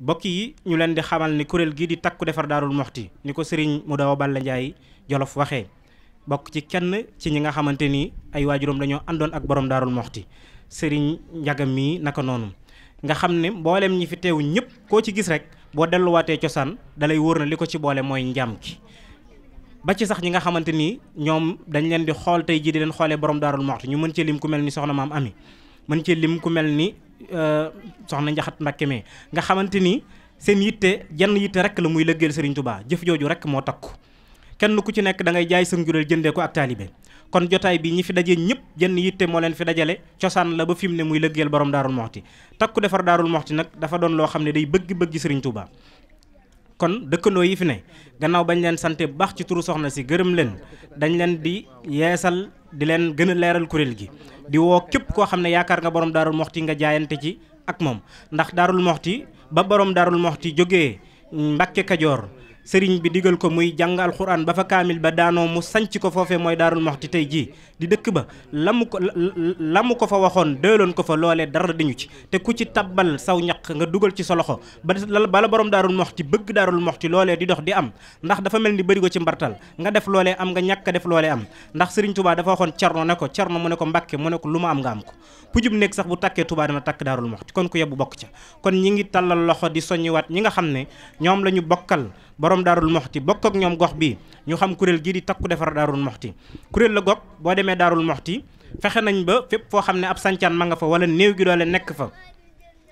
bokk yi ñu leen di xamal ni kuréel gi di takku defar daarul moxti ni ko sëriñ mu daw Balla Njaay jolof waxee bokk ci kenn ci ñi nga xamante ni ay waajuram dañoo àndoon ak borom daarul moxti sëriñ njagam mii naka noonu nga xam ne mboolem ñi fi teew ñëpp koo ci gis rek boo delluwaatee cosaan dalay wóor na li ko ci boole mooy njaam ki ba ci sax ñi nga xamante ni ñoom dañ leen di xool tey jii di leen xoolee borom daarul moxti ñu mën cee lim ku mel ni soxna maam ami lim ku mel ni Euh, soxna njaxat Mbàkke mi nga xamante ni seen yitte jenn yitte rek la muy lëggeel Serigne Touba jëf jooju rek moo takku kenn ku ci nekk da ngay jaay sa njureel jëndee ko ak taalibe kon jotaay bi ñi fi dajee ñëpp jenn yitte moo leen fi dajale cosaan la ba fi mu ne muy lëggeel borom daarul moxti takku defar daarul moxti nag dafa doon loo xam ne day bëgg-bëgg Serigne Touba. kon dëkkandoo yi fi ne gannaaw bañ leen sante bu baax ci turu soxna si gërëm leen dañ leen di yeesal di leen gën a leeral kuréel gi di woo képp koo xam ne yaakaar nga borom daarul moxti nga jaayante ci ak moom ndax daarul moxti ba borom daarul moxti jóge Mbàkke Kajoor sëriñ bi digal ko muy jàng alxuraan ba fa kaamil ba daanoo mu sanc ko foofe mooy daarul moxti tey jii di dëkk ba la mu ko la mu ko fa waxoon dëloon ko fa loole dara dañu ci te ku ci tabbal saw ñaq nga dugal ci sa loxo ba bala borom daarul moxti bëgg daarul moxti loolee di dox di am ndax dafa mel ni bëri ko ci mbartal nga def loole am nga ñàkk def loolee am ndax sëriñ Touba dafa waxoon cerno ne ko cerno mu ne ko mbàkke mu ne ko lu ma am nga am ko pujub nekk sax bu takkee Touba dana takk daarul moxti kon ku yebbu bokk ca kon ñi ngi tàllal loxo di soññiwaat ñi nga xam ne ñoom la ñu bokkal borom daarul moxti bokk ak ñoom gox bi ñu xam kuréel gii di takku defar daarul moxti kuréel la gox boo demee daarul moxti fexe nañ ba fépp foo xam ne ab sancaan ma nga fa wala néew gi doole nekk fa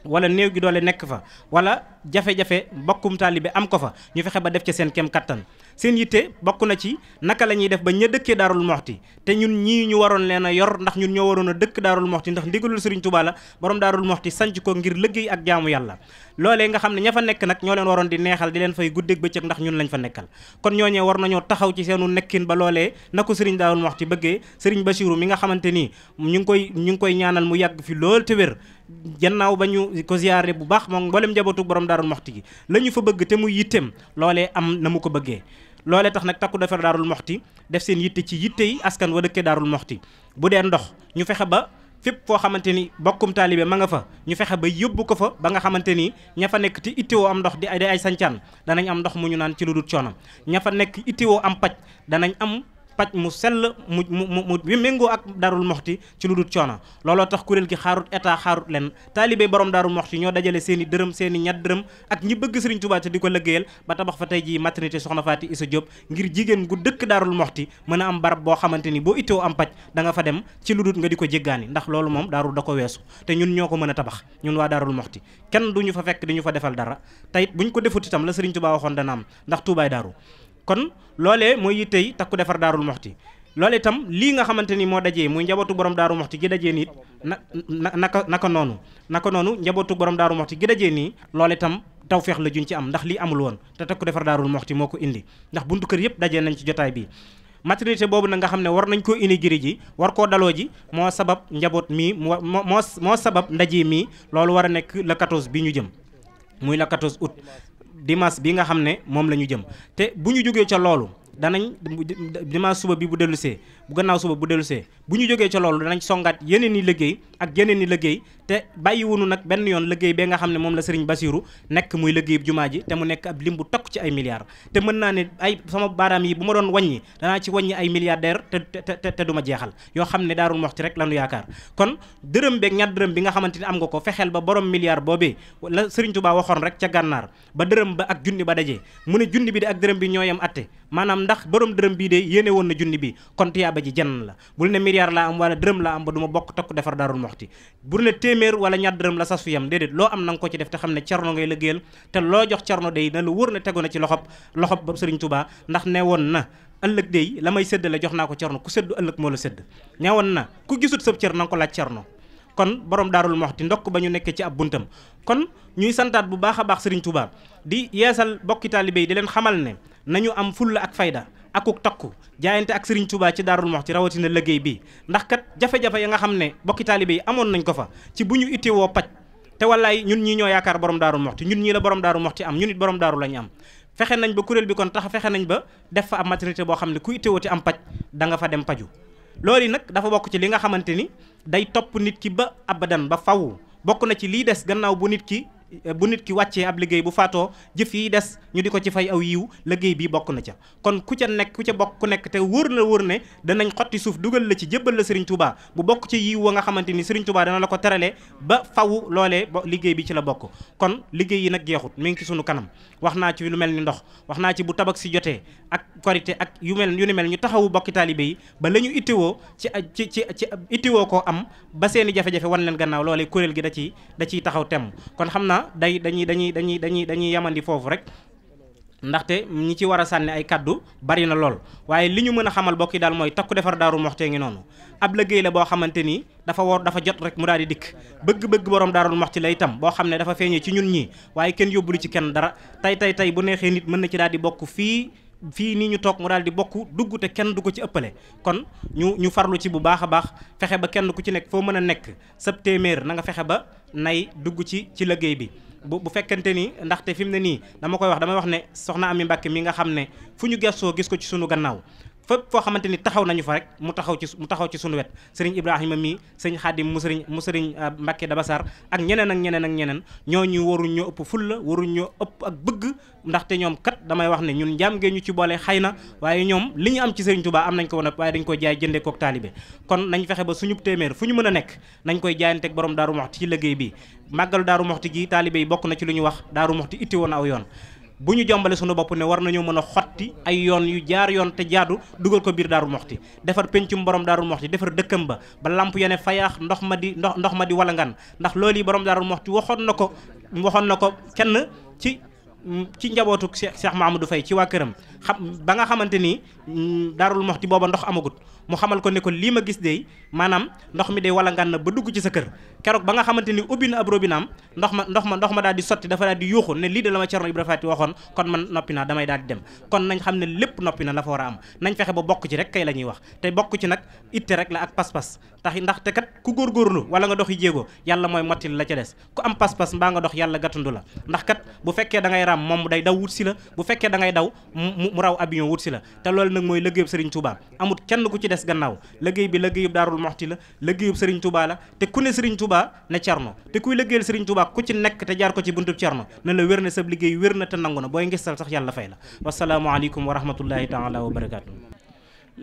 wala néew gi doole nekk fa wala jafe-jafe mbokkum taalibe am ko fa ñu fexe ba def ca seen kem kattan seen yitte bokk na ci naka la ñuy def ba ña dëkkee daarul moxti te ñun ñii ñu waroon leen a yor ndax ñun ñoo waroon a dëkk daarul moxti ndax ndigalul sëriñ Tuubaa la borom daarul moxti sanc ko ngir liggéey ak jaamu yàlla loolee nga xam ne ña fa nekk nag ñoo leen waroon di neexal di leen fay guddeeg bëccëg ndax ñun lañ fa nekkal kon ñooñee war nañoo taxaw ci seenu nekkin ba loolee na ko sëriñ daarul moxti bëggee sëriñ Basiru mi nga xamante nii ñu ngi koy ñu ngi koy ñaanal mu yàgg fi lool te wér gannaaw ba ñu ko ziyaare bu baax moom mboolem njabootu borom daarul moxti gi la fa bëgg te muy yitteem loolee am na mu ko bëggee loolee tax nag takku defar daarul moxti def seen yitte ci yitte yi askan wa dëkkee daarul moxti bu dee ndox ñu fexe ba fépp foo xamante ni bokkum taalibe ma nga fa ñu fexe ba yóbbu ko fa ba nga xamante ni ña fa nekk ti ittiwoo am ndox di ay sancaan danañ am ndox mu ñu naan ci lu dul coonam ña fa nekk ittiwoo am paj danañ am paj mu sell mu mu mu mu méngoo ak darul moxti ci lu dul coono looloo tax kuréel gi xaarut état xaarut len taalibe borom daarul moxti ñoo dajale seen i dërëm seeni i ñat dërëm ak ñi bëgg sëriñ Tuubaa te di ko lëggéeyal ba tabax fa tey ji maternité soxna Faati Isa Diop ngir jigéen gu dëkk daarul moxti mën a am barab boo xamante ni boo ittoo am paj da nga fa dem ci lu dul nga di ko jéggaani ndax loolu moom daarul da ko weesu te ñun ñoo ko mën a tabax ñun waa daarul moxti kenn duñu fa fekk di fa defal dara tey buñ ko defut itam la sëriñ Tuubaa waxoon dana am ndax tuubaay kon loole mooy yittey takku defar daarul moxti loolu itam lii nga xamante ni moo dajee muy njabootu borom daaru moxti gi dajee nit na naka naka noonu naka noonu njabootu borom daaru moxti gi dajee nii loolu itam tawfeex la juñ ci am ndax lii amul woon te takku defar daarul moxti moo ko indi ndax buntu kër yëpp dajee nañ ci jotaay bi maternité boobu nag nga xam ne war nañ koo indi inaugurer ji war koo daloo ji moo sabab njaboot mii moo moo moo sabab ndaje mii loolu war a nekk le 14 bi ñu jëm muy le 14 août dimanche bi nga xam ne moom la ñu jëm te bu ñu jógee ca loolu danañ dimanche suba bi bu dellusee bu gannaaw suba bu dellusee bu ñu jógee ca loolu danañ songaat yeneen i liggéey ak yeneen i liggéey te bàyyi wunu nag benn yoon liggéey bee nga xam ne moom la Serigne Bassirou nekk muy liggéey jumaa ji te mu nekk ab lim bu tokk ci ay milliards te mën naa ne ay sama baaraam yi bu ma doon wàññi danaa ci wàññi ay milliardaire te te te du ma jeexal yoo xam ne daarul mox ci rek lanu yaakaar kon dërëm beeg ñaar dërëm bi nga xamante ne am nga ko fexeel ba borom milliard boobee la Serigne Touba waxoon rek ca gànnaar ba dërëm ba ak junni ba dajee mu ne junni bi di ak dërëm bi ñooyam atte maanaam ndax borom dërëm bii de yéene woon na junni bi kon tuyaaba ji jenn la bul ne milliard laa am wala dërëm laa am ba du ma bokk takku defar daarul moxti bul ne téeméer wala ñaar dërëm la sas fu yam déedéet loo am na nga ko ci def te xam ne cerno ngay liggéeyal te loo jox cerno day na lu wóor ne tegu na ci loxob loxob Sëriñ Tuubaa ndax ne woon na ëllëg day la may séddale jox naa ko cerno ku sedd ëllëg moo la sédd ñawoon na ku gisut sab cër na nga ko laaj cerno kon borom daarul moxti ndokk ba ñu nekkee ci ab buntam kon ñuy santaat bu baax a baax Sëriñ Tuubaa di yeesal bokki taalibe yi di leen xamal ne nañu am fulla ak fayda akuk takku jaayante ak Serigne Touba ci Daarul Muxti rawatina liggéey bi ndax kat jafe-jafe ya nga xam ne bokki taalibe yi amoon nañ ko fa ci bu ñu woo paj te wallaay ñun ñii ñoo yaakaar borom Daarul Muxti ñun ñi la borom Daarul Muxti am ñun it borom daaru lañu am fexe nañ ba kuréel bi kon tax fexe nañ ba def fa am maternité boo xam ne ku itteewoo ti am paj da nga fa dem paju loolu nag dafa bokk ci li nga xamante ni day topp nit ki ba abadan ba faw bokk na ci lii des gannaaw bu nit ki Eh, bu nit ki wàccee ab liggéey bu faatoo jëf yi des ñu di ko ci fay aw yiw liggéey bi bokk na ca kon ku ca nekk ku ca bokk ku nekk te wóor na wóor ne danañ xotti suuf dugal la ci jébbal la Serigne Touba bu bokk ci yiw wa nga xamante ni Serigne Touba dana la ko terale ba faw loolee liggéey bi ci la bokk kon liggéey yi nag jeexut mi ngi ci sunu kanam wax naa ci lu mel ni ndox wax naa ci bu tabak si jotee ak korité ak yu mel yu ne mel ñu taxawu bokki taalibe yi ba ñu ittiwoo ci ci ci ci ittiwoo koo am ba seeni jafe-jafe wan leen gannaaw loolee kuréel gi da ciy da taxaw temm ah day dañuy dañuy dañuy dañuy dañuy yemandi foofu rek ndaxte ñi ci war a sànni ay kaddu bari na lool waaye li ñu mën a xamal bokk yi daal mooy takku defar daaru moxtee ngi noonu ab liggéey la boo xamante ni dafa war dafa jot rek mu daal di dikk bëgg-bëgg borom daarul moxti la itam boo xam ne dafa feeñee ci ñun ñii waaye kenn yóbbulu ci kenn dara tey tey tey bu neexee nit mën na ci daal bokk fii fii nii ñu toog mu daal di bokk dugg te kenn du ko ci ëppale kon ñu ñu farlu ci bu baax a baax fexe ba kenn ku ci nekk foo mën a nekk sab téeméer na nga fexe ba nay dugg ci ci liggéey bi bu bu fekkente ni ndaxte fi mu ne nii dama koy wax damay wax ne soxna Ami Mbàkke mi nga xam ne fu ñu gertoo gis ko ci sunu gannaaw fépp foo xamante ni taxaw nañu fa rek mu taxaw ci mu taxaw ci sunu wet sëriñ Ibrahima mii sëriñ Xaadim mu sëriñ mu sëriñ euh, Mbàkke Dabasaar ak ñeneen ak ñeneen ak ñeneen ñoo ñu waruñ ñoo ëpp fulla waruñ ñoo ëpp ak bëgg ndaxte ñoom kat damay wax ne ñun njaam gee ñu ci boole xay na waaye ñoom li ñu am ci sëriñ Tuubaa am nañ ko woon waaye dañ koy jaay jëndee kook taalibe kon nañ fexe ba suñu téeméer fu ñu mën a nekk nañ koy jaayanteeg borom daaru moxti ci liggéey bi màggalu daaru moxti gi taalibe yi bokk na ci lu ñu wax daaru moxti itti woon aw yoon bu ñu jombalee suñu bopp ne war nañoo mën a xotti ay yoon yu jaar yoon te jaadu dugal ko biir daaru moxti defar péncum borom daaru moxti defar dëkkam ba ba lamp ya ne fayaax ndox ma di ndox ndox ma di ngan ndax lool yi borom daaru moxti waxoon na ko waxoon na ko kenn ci ci njabootu Cheikh du fay ci waa këram xam ba nga xamante ni mm, daarul moxti booba ndox amagut mu xamal ko ne ko lii ma gis dey maanaam ndox mi de day walangaan na ba dugg ci sa kër keroog ba nga xamante ni ubbi na ab robinaam ndox ma ndox ma ndox ma daal di sotti dafa daal di yuuxu ne lii de la ma Cerno Ibra Faati waxoon kon man noppi naa damay daal di dem kon nañ xam ne lépp noppi na la fa war a am nañ fexe ba bokk ci rek kay la ñuy wax te bokk ci nag itte rek la ak pas-pas tax ndax te kat ku góorgóorlu wala nga dox yi jéego yàlla mooy mottil la ca des ku am pas-pas mbaa nga dox yàlla gàttandu la ndax kat bu fekkee da ngay raam moom day daw wut si la bu fekkee da ngay daw mu raw abiyon wut si la te loolu nag mooy liggéeyub Serigne Touba amut kenn ku ci des gannaaw liggéey bi liggéeyub Daarul Moxti la liggéeyub Serigne Touba la te ku ne Serigne Touba ne Cerno te kuy liggéeyal Serigne Touba ku ci nekk te jaar ko ci buntub Cerno na la wér na sab liggéey wér na te nangu na booy ngistal sax yàlla fay la wasalaamualeykum wa rahmatullahi taala wa barakatu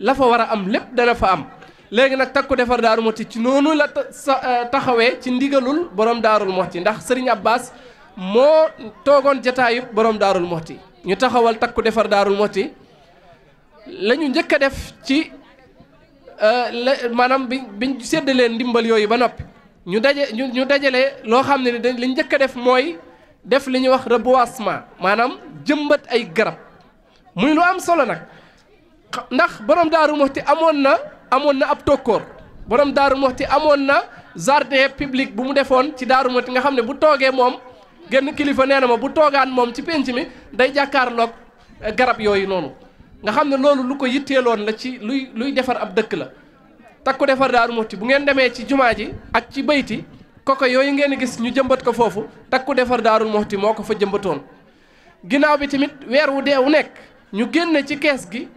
la fa war a am lépp dana fa am léegi nag takku defar Daaru Moxti ci noonu la eh, taxawee ci ndigalul borom Daarul Moxti ndax Serigne Abbas moo toogoon jataayub borom Daarul Moxti ñu taxawal takku defar daarul moxti la ñu njëkk a def ci euh, la maanaam bi biñ séddaleen ndimbal yooyu ba noppi ñu daje ñu ñu dajale loo xam ne ni li njëkk a def mooy def li ñuy wax reboisement maanaam jëmbat ay garab muy lu am solo nag ndax borom daaru moxti amoon na amoon na ab tokkoor borom daaru moxti amoon na jardin public bu mu defoon ci daaru moxti nga xam ne bu toogee moom génn kilifa nee na ma bu toogaan moom ci pénc mi day jàkkaarloog eh, garab yooyu noonu nga xam ne loolu lu ko yitteeloon la ci luy luy defar ab dëkk la takku defar daaru muxti bu ngeen demee ci jumaa ji ak ci bayti koko yooyu ngeen gis ñu jëmbat ko foofu takku defar daarul muxti moo ko fa jëmbatoon ginnaaw bi tamit weer wu dee wu nekk ñu génn ci kees gi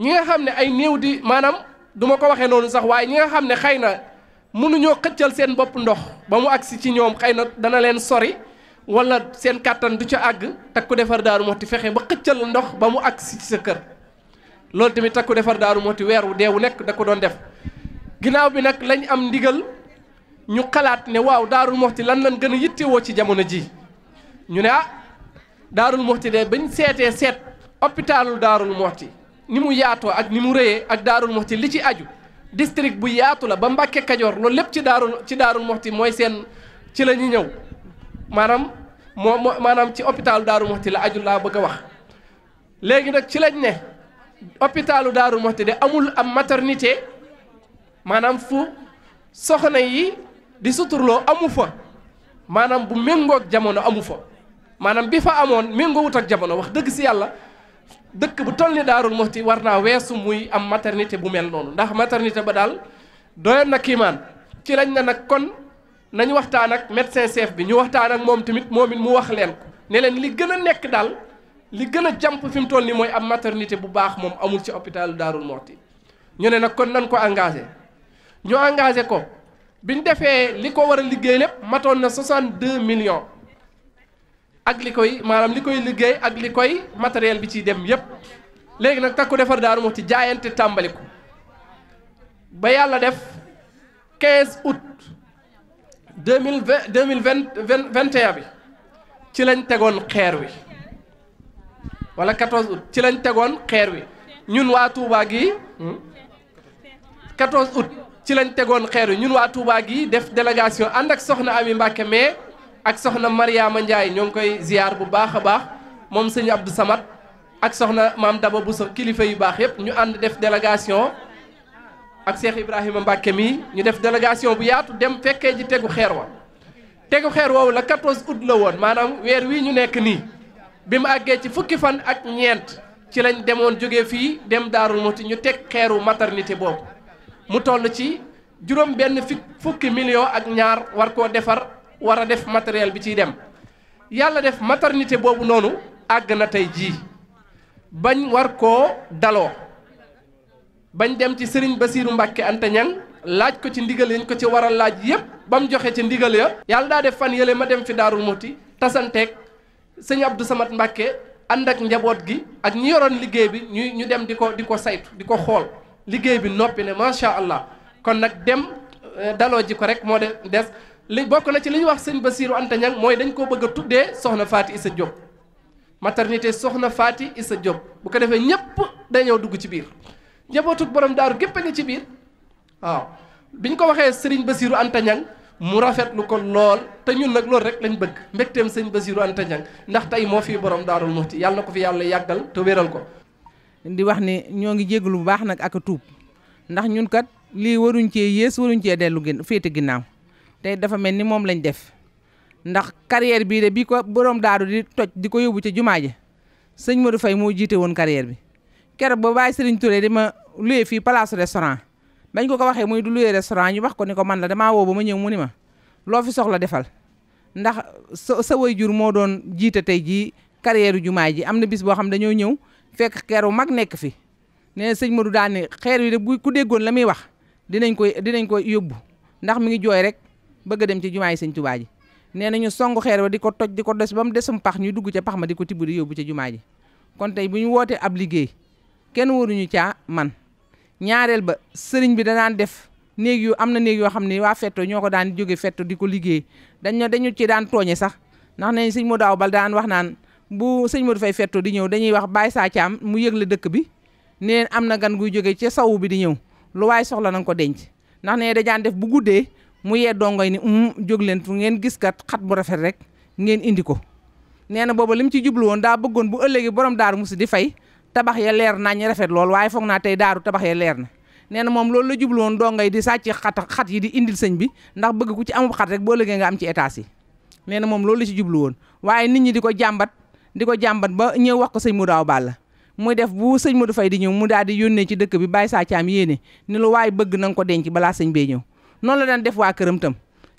ñi nga xam ne ay néew di maanaam duma ko waxee noonu sax waaye ñi nga xam ne xëy na mënuñoo xëccal seen bopp ndox ba mu agsi ci ñoom xëy na dana leen sori wala seen kàttan du ca àgg takku defar daaru moxti fexe ba xëccal ndox ba mu àgg si sa kër loolu tamit takku defar daaru moxti weer wu dee wu nekk da ko doon def ginnaaw bi nag lañu am ndigal ñu xalaat ne waaw daarul moxti lan lan gën a yittewoo ci jamono ji ñu ne ah daarul moxti de bañ seetee seet hôpitalu daarul moxti ni mu yaatoo ak ni mu rëyee ak daarul moxti li ci aju district bu yaatu la ba Mbàkke Kajoor loolu lépp ci daarul ci daarul moxti mooy seen ci la ñu ñëw maanaam moo moo maanaam ci hôpitalu Daaru Muxti la aju laa bëgg wax léegi nag ci lañ ne hôpitalu Daaru Muxti de amul am maternité maanaam fu soxna yi di suturloo amu fa maanaam bu méngoog jamono amu fa maanaam bi fa amoon wut ak jamono wax dëgg si yàlla dëkk bu toll ni Daarul Muxti war naa weesu muy am maternité bu mel noonu ndax maternité ba daal doyoon na kiimaan ci lañ ne nag kon nañu waxtaan ak médecin chef bi ñu waxtaan ak moom tamit moom it mu wax leen ko ne leen li gën a nekk daal li gën a jàmp fi mu toll nii mooy am maternité bu baax moom amul ci hôpitalu Daarul Moxti ñu ne nag kon nan ko engagé ñu engagé ko bi ñu defee li ko war a liggéey lépp matoon na 62 millions ak li koy maanaam li koy liggéey ak li koy matériel bi ciy dem yépp léegi nag takku defar Daarul Moxti jaayante tàmbali ko ba yàlla def 15 août. deux mille vingt mille vingt vingt et un bi ci lañ tegoon xeer wi wala quatorze août ci lañ tegoon xeer wi ñun waa Touba gi hmm? quatorze août ci lañ tegoon xeer wi ñun waa Touba gi def délégation ànd ak soxna Ami Mbacke mais ak soxna Mariama Ndiaye ñoo ngi koy ziar bu baax a baax moom sëñ Abdou Samad ak soxna maam Daba Bousso kilifa yu baax yëpp ñu ànd def délégation. ak seex Ibrahima Mbacke mii ñu def délégation bu yaatu dem fekkee ji tegu xeer wa tegu xeer woowu la 14 août la woon maanaam weer wii ñu nekk nii bi mu àggee ci fukki fan ak ñeent ci lañ demoon jóge fii dem Daarul Muti ñu teg xeeru maternité boobu mu toll ci juróom benn fukki million ak ñaar war koo defar war a def matériel bi ciy dem yàlla def maternité boobu noonu àgg na tey jii bañ war koo daloo bañ dem ci sëriñ Basiiru Mbàkke Anta laaj ko ci ndigal yañ ko ci waral laaj yépp ba mu joxe ci ndigal ya yàlla daa def fan yële ma dem fi Daaru Muxti tasanteeg sëñ Abdou Samad Mbàkke ànd ak njaboot gi ak ñi yoroon liggéey bi ñuy ñu dem di ko di ko saytu di ko xool liggéey bi noppi ne macha allah kon nag dem euh, daloo ji ko rek moo de des li bokk na ci li ñu wax sëñ Basiiru Anta mooy dañ koo bëgg a tuddee soxna Faati Isa Diop maternité soxna Faati Isa Diop bu ko defee ñépp dañoo dugg ci biir njabootug borom daaru gépp a ngi ci biir waaw biñ ko waxee sëriñ Basiiru Anta Ñang mu rafetlu ko lool te ñun nag loolu rek lañ bëgg mbégteem sëñ Basiiru Anta Ñang ndax tey moo fii borom daarul muxti yàlla ko fi yàlla yàggal te wéral ko di wax ni ñoo ngi jégalu bu baax nag ak a tuub ndax ñun kat lii waruñ cee yées waruñ cee dellu gën féete ginnaaw tey dafa mel ni moom lañ def ndax carrière bii de bi ko borom daaru di toj di ko yóbbu ci jumaa ji sëñ Modou fay moo jiite woon carrière bi keroog ba bàyyi Serigne Touré di ma loué fii place dañ ko ko waxee muy du loué restaurant ñu wax ko ni ko man la damaa woo ba ma ñëw mu ni loo fi soxla defal ndax sa sa jur moo doon jiite tey jii carrière jumaay ji am na bis boo xam dañoo ñëw fekk xeeru mag nekk fi nee sëñ Modou daan xeer yi de bu ku déggoon la muy wax dinañ koy dinañ koy yóbbu ndax mi ngi jooy rek bëgg a ci jumaay sëñ Touba ji nee na ñu xeer di ko toj di ko des ba mu desum pax ñu dugg ca pax ma di ko tibb di yóbbu ca jumaa ji kon tey bu ñu wootee ab liggéey kenn waruñu caa man ñaareel ba sëriñ bi danaan def néeg yu am na néeg yoo xam ne waa fetto ñoo ko daan jóge fetto di ko liggéey dañ dañu ci daan tooñe sax ndax nañ sëñ Modou Awa Bal daan wax naan bu sëñ Modou fay fetto di ñëw dañuy wax Baye Sa Thiam mu yëgle dëkk bi ne am na gan guy jóge ca sawu bi di ñëw lu waay soxla na ko denc ndax ne dajaan def bu guddee mu yee dongoy ni um jóg leen ngeen gis kat xat bu rafet rek ngeen indi ko nee na booba li mu ci jublu woon daa bëggoon bu ëllëgee borom daaru musi di fay tabax ya leer naa nañ rafet lool waaye foog naa tey daaru tabax ya leer na nee na moom loolu la jubluwoon dongay di sàcc xat xat yi di indil sëñ bi ndax bëgg ku ci amub xat rek boo lëgee nga am ci état yi nee na moom loolu la ci jubluwoon waaye nit ñi di ko jàmbat di ko jàmbat ba ñëw wax ko sëñ mu daaw bàll muy def bu sëñ Modou Faye di ñëw mu daal di yónnee ci dëkk bi bàyyi saa caam yéene ni waaye bëgg na nga ko denc balaa sëñ bee ñëw noonu la daan def waa këramtam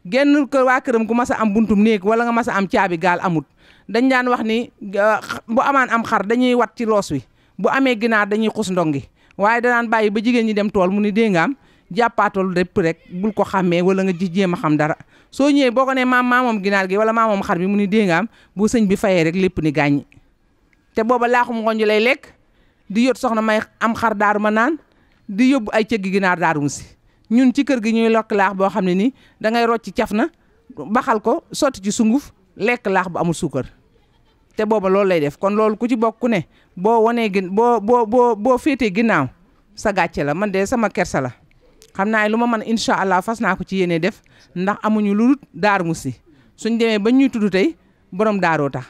genn kër waa këram ku mas a am buntum néeg wala nga mas a am caabi gaal amut dañ daan wax ni euh, bu amaan am xar dañuy wat ci loos wi bu amee ginaar dañuy xus ndongi waaye danaan bàyyi ba jigéen ñi dem tool mu ni déngaam jàppaatal lépp rek bul ko xàmmee wala nga ji jéem a xam dara soo ñëwee boo ko ne maam maamoom ginaar gi wala maamoom xar bi mu ni déngaam bu sëñ bi fayee rek lépp ni gaañ te booba laaxum ngoñju lay lekk di yot soxna may am xar daaru ma naan di yóbbu ay cëggi ginaar daaru si ñun ci kër gi ñuy lokk laax boo xam ne nii dangay rocc caf na baxal ko sotti ci sunguf lekk laax bu amul suukar te booba loolu lay def kon loolu ku ci bokk ne boo wanee gin boo boo boo boo féetee ginnaaw sa gàcce la man de sama kersa la xam naa lu ma mën incha allah fas naa ko ci yéene def ndax amuñu lu daaru musi suñ demee ba ñuy tudd tey borom daaroo tax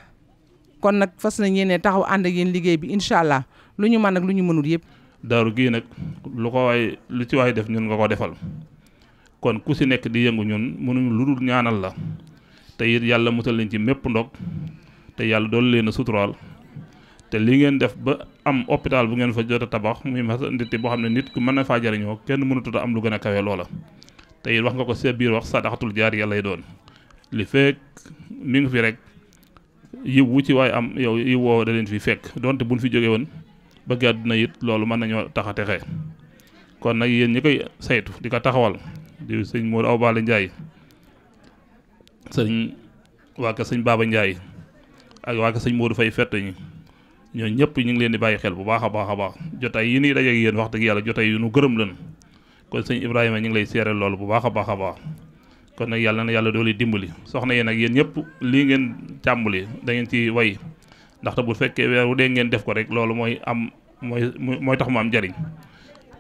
kon nag fas nañ yéene taxaw ànd ak yéen liggéey bi incha allah lu ñu mën ak lu ñu mënul yëpp. daaru gii nag lu ko waay lu ci waay def ñun nga ko defal kon ku si nekk di yëngu ñun mënuñu lu dul ñaanal la te yàlla musal nañ ci mépp te yàlla doolu leen a suturaal te li ngeen def ba am hôpital bu ngeen fa jot a tabax muy maternité boo xam ne nit ku mën na faa jariñoo kenn mënatut a am lu gën a kawe loola te it wax nga ko sa biir wax sadaxatul jaar yàlla lay doon li fekk mi ngi fi rek yiw wu ci waaye am yow yiw woo da leen fi fekk donte buñ fi jóge woon ba àdduna it loolu mën nañoo taxa a texe kon nag yéen ñi koy saytu di ko taxawal di sëñ moo Awa Balla Ndiaye sëñ waa ka sëñ Baba Ndiaye ak waa sëñ Modou Faye fett ñi ñooñ ñëpp ñu ngi leen di bàyyi xel bu baax a baax a baax jotaay yi nii dajeeg yéen wax dëgg yàlla jotaay yu nu gërëm leen kon sëñ Ibrahima ñu ngi lay seere loolu bu baax a baax a nag yàlla na yàlla doole dimbali soxna yéen ak yéen ñëpp lii ngeen càmbali da ngeen ci way ndaxte bu fekkee weer wu dee ngeen def ko rek loolu mooy am mooy mooy tax mu am jariñ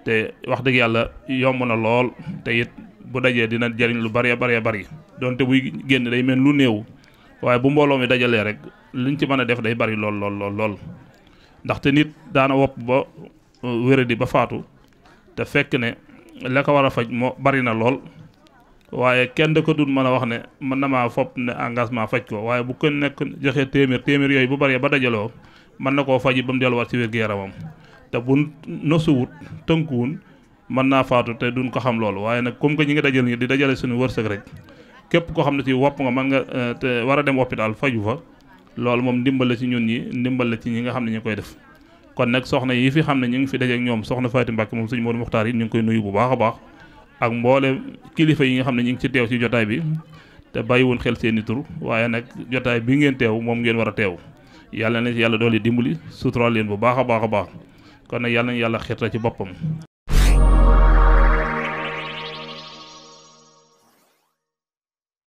te wax dëgg yàlla yomb na lool te it bu dajee dina jariñ lu bëree bëree bari donte buy génn day mel lu néew waaye bu mbooloo mi dajalee rek lu liñ ci mën a def day bari lool lool lool lool ndaxte nit daana wopp ba uh, wéradi ba faatu te fekk ne la ko war a faj moo bari na lool waaye kenn da ko dul mën a wax ne mën na maa fopp ne engagement faj ko waaye bu ko nekk joxee téeméer téeméer yooyu bu baree ba dajaloo mën na koo faji ba mu delluwaat ci wér-gu-yaramam te bu nosuwut tënkuwun mën naa faatu te duñ ko xam loolu waaye nag comme que ñi ngi dajal ñi di dajale suñu wërsëg rek képp koo xam ne si wopp nga mën nga euh, te war a dem hôpital faju fa loolu moom ndimbal la ci ñun ñi ndimbal la ci ñi nga xam ne ñu koy def kon nag soxna yi fi xam ne ñu ngi fi dajeek ñoom soxna Faati Mbàkke moom suñu Moodu Muxtaar yi ñu ngi koy nuyu bu baax a baax ak mboole kilifa yi nga xam ne ñu ngi ci teew ci jotaay bi te woon xel seen tur waaye nag jotaay bi ngeen teew moom ngeen war a teew yàlla na yàlla doole dimbali suturaal leen bu baax a baax baax kon nag yàlla na yàlla ci boppam